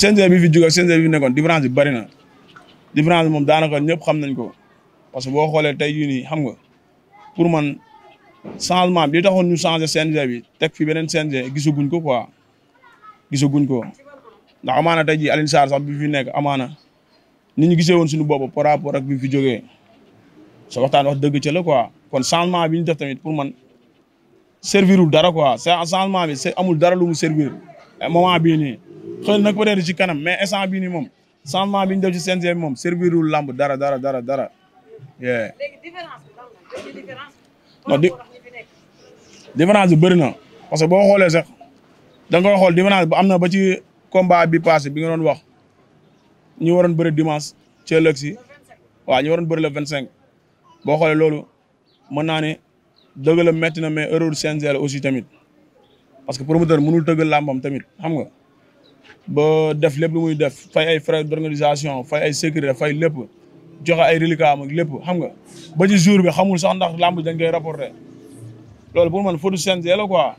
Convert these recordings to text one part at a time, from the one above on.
CNG bi fi jóge CNG bi fi nekkoon différence bi bëri na différence bi moom daanaka ñëpp xam nañ ko parce que boo xoolee tey jii nii xam nga pour man changement bi li taxoon ñu changé CNG bi teg fi beneen CNG gisaguñ ko quoi gisaguñ ko ndax amaana tey jii Alioune Sarr sax bi fi nekk amaana ni ñu gisee woon suñu bopp par rapport ak bi fi jógee sa waxtaan wax dëgg ca la quoi kon changement bi ñu def tamit pour man servirul dara quoi c'est changement bi c'est amul dara lu mu servir moment bii nii. xëy nag peut ci kanam mais instant bii nii moom changement bi ñu def ci moom servirul lamb dara dara dara dara. léegi différence bi bëri na parce que boo xoolee sax da nga koy xool différence ba am na ba ci combat bi passé bi nga doon wax ñu waroon bëri dimanche ci ëllëg si waaw ñu waroon bëri le vingt cinq boo xoolee loolu mën naa ne dëgg la métti na mais erreur CNG la aussi tamit parce que promoteur mënul tëggal làmbam tamit xam nga. ba def lépp lu muy def fay ay frais d'organisation fay ay sécurité fay lépp joxe ay reliquats am ak lépp xam nga ba ci jour bi xamul sax ndax làmb dañ koy rapporté loolu pour man faute CNG la quoi.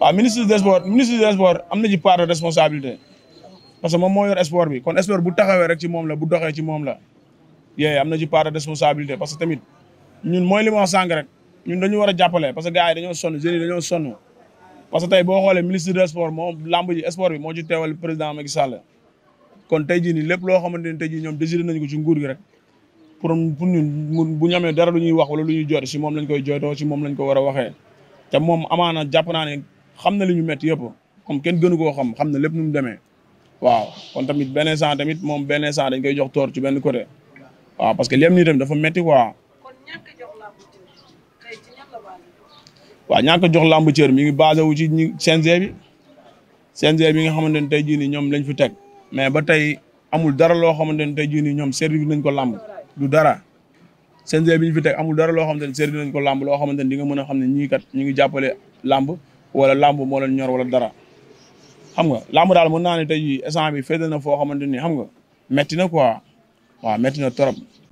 waaw ministre des sports ministre des sports am na ci part de responsabilité parce que moom moo bi kon sport bu taxawee rek ci moom la bu doxee ci moom la yee am na ci part de responsabilité parce que tamit ñun mooy li ma rek ñun dañu war a jàppale parce que gars yi dañoo parce que tey boo xoolee ministre de sport moom lamb ji sport bi moo ci teewal président Macky Sall kon tey jii nii lépp loo xamante ni tey jii ñoom désiré nañu ko ci nguur gi rek pour pour bu ñu amee dara lu ñuy wax wala lu ñuy jooyte si moom lañ koy jooytoo si moom lañ ko war a waxee te moom amaana jàpp naa ne xam na li ñu métti yëpp comme kenn gënu koo xam xam na lépp nu mu demee waaw kon tamit benn sant tamit moom benn sant dañ koy jox toor ci benn côté waaw parce que lépp nii tamit dafa métti quoi waaw ñàkk jox làmb cër mi ngi basé wu ci ñi CNG bi CNG bi nga xamante ne tey jii nii ñoom lañ fi teg mais ba tey amul dara loo xamante ne tey jii nii ñoom servir nañ ko làmb du dara CNG bi ñu fi teg amul dara loo xam ne servir nañ ko làmb loo xamante ne di nga mën a xam ne ñii kat ñu ngi jàppale làmb wala làmb moo ñor wala dara xam nga làmb daal mën naa ne tey jii instant bi féete na foo xamante ni xam nga metti na quoi waaw metti na trop